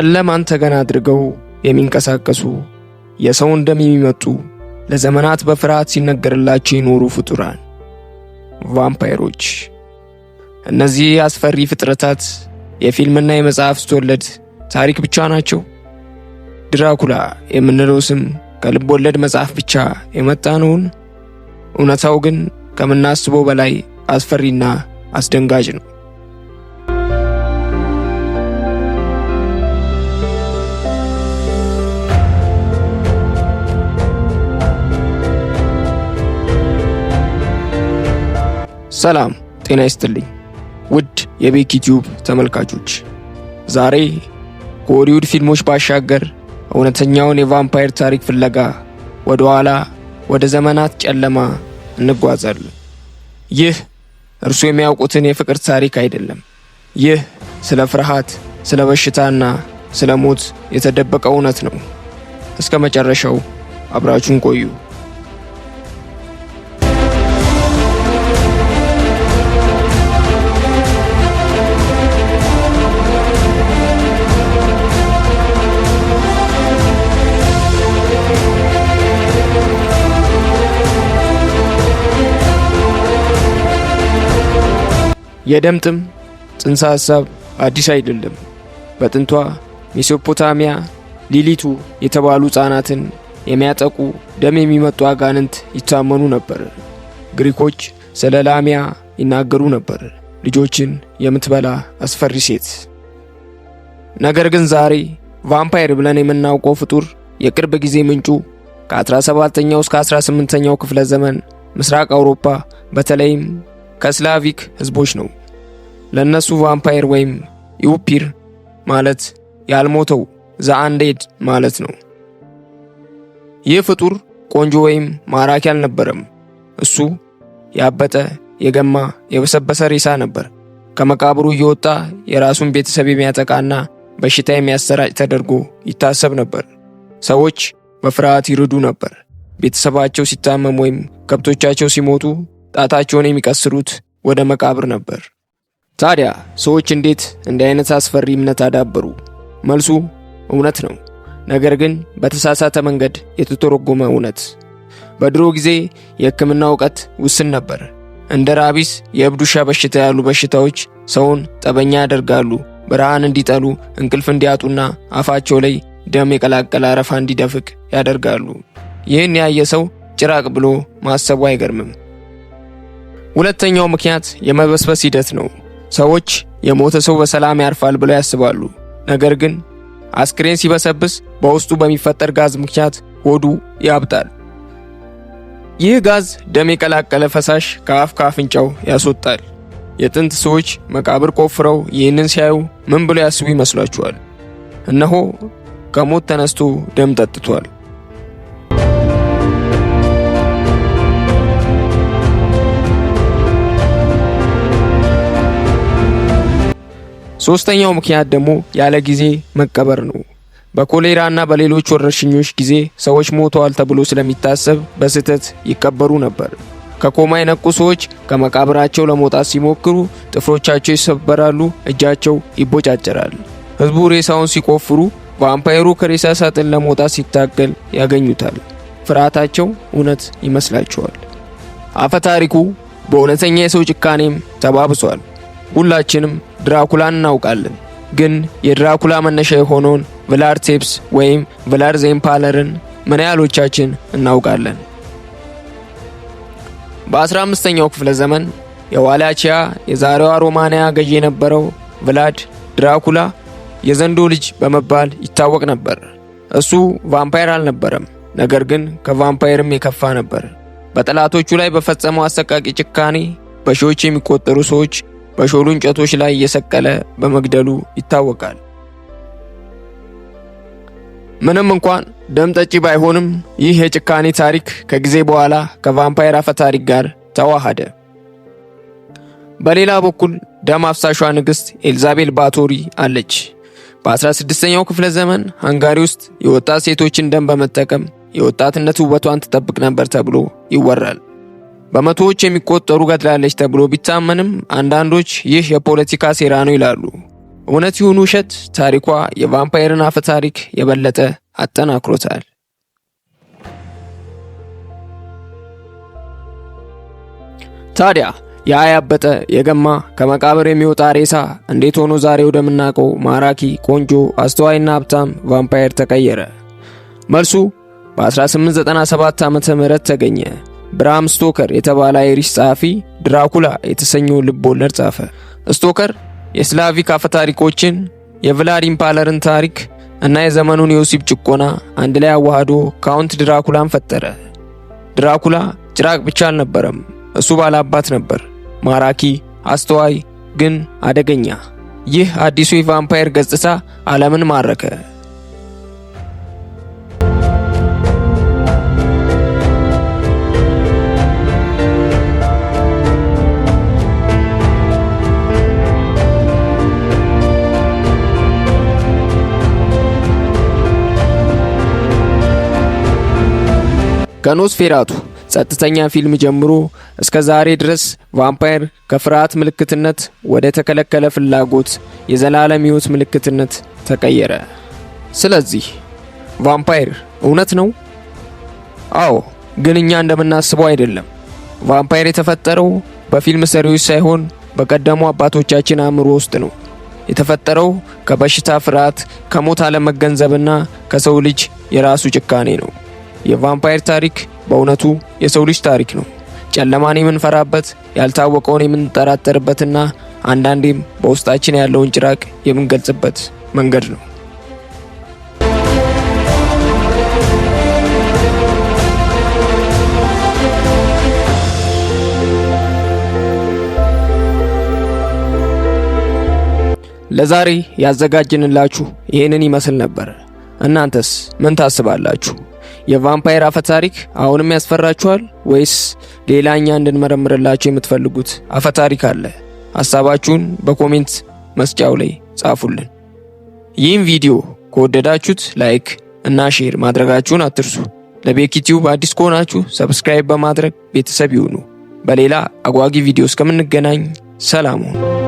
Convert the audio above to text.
ጨለማን ተገና አድርገው የሚንቀሳቀሱ የሰውን ደም የሚመጡ ለዘመናት በፍርሃት ሲነገርላቸው የኖሩ ፍጡራን ቫምፓይሮች። እነዚህ አስፈሪ ፍጥረታት የፊልምና የመጽሐፍ ስትወለድ ታሪክ ብቻ ናቸው። ድራኩላ የምንለው ስም ከልብ ወለድ መጽሐፍ ብቻ የመጣ ነውን? እውነታው ግን ከምናስበው በላይ አስፈሪና አስደንጋጭ ነው። ሰላም ጤና ይስጥልኝ ውድ የቤኪ ቲዩብ ተመልካቾች፣ ዛሬ ከሆሊውድ ፊልሞች ባሻገር እውነተኛውን የቫምፓየር ታሪክ ፍለጋ ወደ ኋላ ወደ ዘመናት ጨለማ እንጓዛለን። ይህ እርሱ የሚያውቁትን የፍቅር ታሪክ አይደለም። ይህ ስለ ፍርሃት፣ ስለ በሽታና ስለ ሞት የተደበቀ እውነት ነው። እስከ መጨረሻው አብራችሁን ቆዩ። የደምጥም ጽንሰ ሀሳብ አዲስ አይደለም። በጥንቷ ሜሶፖታሚያ ሊሊቱ የተባሉ ሕፃናትን የሚያጠቁ ደም የሚመጡ አጋንንት ይታመኑ ነበር። ግሪኮች ስለ ላሚያ ይናገሩ ነበር፣ ልጆችን የምትበላ አስፈሪ ሴት። ነገር ግን ዛሬ ቫምፓየር ብለን የምናውቀው ፍጡር የቅርብ ጊዜ ምንጩ ከ17ኛው እስከ 18ኛው ክፍለ ዘመን ምስራቅ አውሮፓ በተለይም ከስላቪክ ህዝቦች ነው። ለእነሱ ቫምፓየር ወይም ዩፒር ማለት ያልሞተው ዘአንዴድ ማለት ነው። ይህ ፍጡር ቆንጆ ወይም ማራኪ አልነበረም። እሱ ያበጠ፣ የገማ፣ የበሰበሰ ሬሳ ነበር። ከመቃብሩ እየወጣ የራሱን ቤተሰብ የሚያጠቃና በሽታ የሚያሰራጭ ተደርጎ ይታሰብ ነበር። ሰዎች በፍርሃት ይርዱ ነበር። ቤተሰባቸው ሲታመም ወይም ከብቶቻቸው ሲሞቱ ጣታቸውን የሚቀስሩት ወደ መቃብር ነበር። ታዲያ ሰዎች እንዴት እንዲህ አይነት አስፈሪ እምነት አዳበሩ? መልሱ እውነት ነው፣ ነገር ግን በተሳሳተ መንገድ የተተረጎመ እውነት። በድሮ ጊዜ የሕክምና እውቀት ውስን ነበር። እንደ ራቢስ፣ የእብድ ውሻ በሽታ ያሉ በሽታዎች ሰውን ጠበኛ ያደርጋሉ። ብርሃን እንዲጠሉ፣ እንቅልፍ እንዲያጡና አፋቸው ላይ ደም የቀላቀለ አረፋ እንዲደፍቅ ያደርጋሉ። ይህን ያየ ሰው ጭራቅ ብሎ ማሰቡ አይገርምም። ሁለተኛው ምክንያት የመበስበስ ሂደት ነው። ሰዎች የሞተ ሰው በሰላም ያርፋል ብለው ያስባሉ። ነገር ግን አስክሬን ሲበሰብስ በውስጡ በሚፈጠር ጋዝ ምክንያት ሆዱ ያብጣል። ይህ ጋዝ ደም የቀላቀለ ፈሳሽ ከአፍ ከአፍንጫው ያስወጣል። የጥንት ሰዎች መቃብር ቆፍረው ይህንን ሲያዩ ምን ብለው ያስቡ ይመስላችኋል? እነሆ ከሞት ተነስቶ ደም ጠጥቷል። ሶስተኛው ምክንያት ደግሞ ያለ ጊዜ መቀበር ነው። በኮሌራና በሌሎች ወረርሽኞች ጊዜ ሰዎች ሞተዋል ተብሎ ስለሚታሰብ በስህተት ይቀበሩ ነበር። ከኮማ የነቁ ሰዎች ከመቃብራቸው ለመውጣት ሲሞክሩ ጥፍሮቻቸው ይሰበራሉ፣ እጃቸው ይቦጫጨራል። ህዝቡ ሬሳውን ሲቆፍሩ ቫምፓይሩ ከሬሳ ሳጥን ለመውጣት ሲታገል ያገኙታል። ፍርሃታቸው እውነት ይመስላቸዋል። አፈ ታሪኩ በእውነተኛ የሰው ጭካኔም ተባብሷል። ሁላችንም ድራኩላን እናውቃለን። ግን የድራኩላ መነሻ የሆነውን ቭላር ቴፕስ ወይም ቭላድ ዜምፓለርን ምን ያህሎቻችን እናውቃለን? በ15ኛው ክፍለ ዘመን የዋላቺያ የዛሬዋ ሮማንያ ገዢ የነበረው ቭላድ ድራኩላ የዘንዶ ልጅ በመባል ይታወቅ ነበር። እሱ ቫምፓየር አልነበረም፣ ነገር ግን ከቫምፓየርም የከፋ ነበር። በጠላቶቹ ላይ በፈጸመው አሰቃቂ ጭካኔ በሺዎች የሚቆጠሩ ሰዎች በሾሉ እንጨቶች ላይ እየሰቀለ በመግደሉ ይታወቃል። ምንም እንኳን ደም ጠጪ ባይሆንም ይህ የጭካኔ ታሪክ ከጊዜ በኋላ ከቫምፓየር አፈ ታሪክ ጋር ተዋሃደ። በሌላ በኩል ደም አፍሳሿ ንግሥት ኤልዛቤል ባቶሪ አለች። በ16ኛው ክፍለ ዘመን ሃንጋሪ ውስጥ የወጣት ሴቶችን ደም በመጠቀም የወጣትነት ውበቷን ትጠብቅ ነበር ተብሎ ይወራል። በመቶዎች የሚቆጠሩ ገድላለች ተብሎ ቢታመንም አንዳንዶች ይህ የፖለቲካ ሴራ ነው ይላሉ። እውነት ይሁን ውሸት፣ ታሪኳ የቫምፓየርን አፈ ታሪክ የበለጠ አጠናክሮታል። ታዲያ ያ ያበጠ የገማ ከመቃብር የሚወጣ ሬሳ እንዴት ሆኖ ዛሬ ወደምናውቀው ማራኪ፣ ቆንጆ፣ አስተዋይና ሀብታም ቫምፓየር ተቀየረ? መልሱ በ1897 ዓ ም ተገኘ። ብርሃም ስቶከር የተባለ አይሪሽ ጸሐፊ ድራኩላ የተሰኘው ልብ ወለድ ጻፈ። ስቶከር የስላቪክ አፈታሪኮችን የቭላዲሚር ፓለርን ታሪክ እና የዘመኑን የወሲብ ጭቆና አንድ ላይ አዋህዶ ካውንት ድራኩላን ፈጠረ። ድራኩላ ጭራቅ ብቻ አልነበረም፣ እሱ ባላባት ነበር። ማራኪ፣ አስተዋይ፣ ግን አደገኛ። ይህ አዲሱ የቫምፓየር ገጽታ ዓለምን ማረከ። ከኖስፌራቱ ጸጥተኛ ፊልም ጀምሮ እስከ ዛሬ ድረስ ቫምፓየር ከፍርሃት ምልክትነት ወደ ተከለከለ ፍላጎት፣ የዘላለም ሕይወት ምልክትነት ተቀየረ። ስለዚህ ቫምፓየር እውነት ነው? አዎ፣ ግን እኛ እንደምናስበው አይደለም። ቫምፓየር የተፈጠረው በፊልም ሰሪዎች ሳይሆን በቀደሙ አባቶቻችን አእምሮ ውስጥ ነው። የተፈጠረው ከበሽታ ፍርሃት፣ ከሞት አለመገንዘብና ከሰው ልጅ የራሱ ጭካኔ ነው። የቫምፓየር ታሪክ በእውነቱ የሰው ልጅ ታሪክ ነው። ጨለማን የምንፈራበት ያልታወቀውን የምንጠራጠርበትና አንዳንዴም በውስጣችን ያለውን ጭራቅ የምንገልጽበት መንገድ ነው። ለዛሬ ያዘጋጅንላችሁ ይህንን ይመስል ነበር። እናንተስ ምን ታስባላችሁ? የቫምፓየር አፈ ታሪክ አሁንም ያስፈራችኋል ወይስ ሌላ እኛ እንድንመረምርላችሁ የምትፈልጉት አፈ ታሪክ አለ? ሀሳባችሁን በኮሜንት መስጫው ላይ ጻፉልን። ይህም ቪዲዮ ከወደዳችሁት ላይክ እና ሼር ማድረጋችሁን አትርሱ። ለቤኪ አዲስ ከሆናችሁ ሰብስክራይብ በማድረግ ቤተሰብ ይሁኑ። በሌላ አጓጊ ቪዲዮ እስከምንገናኝ ሰላም ሁኑ።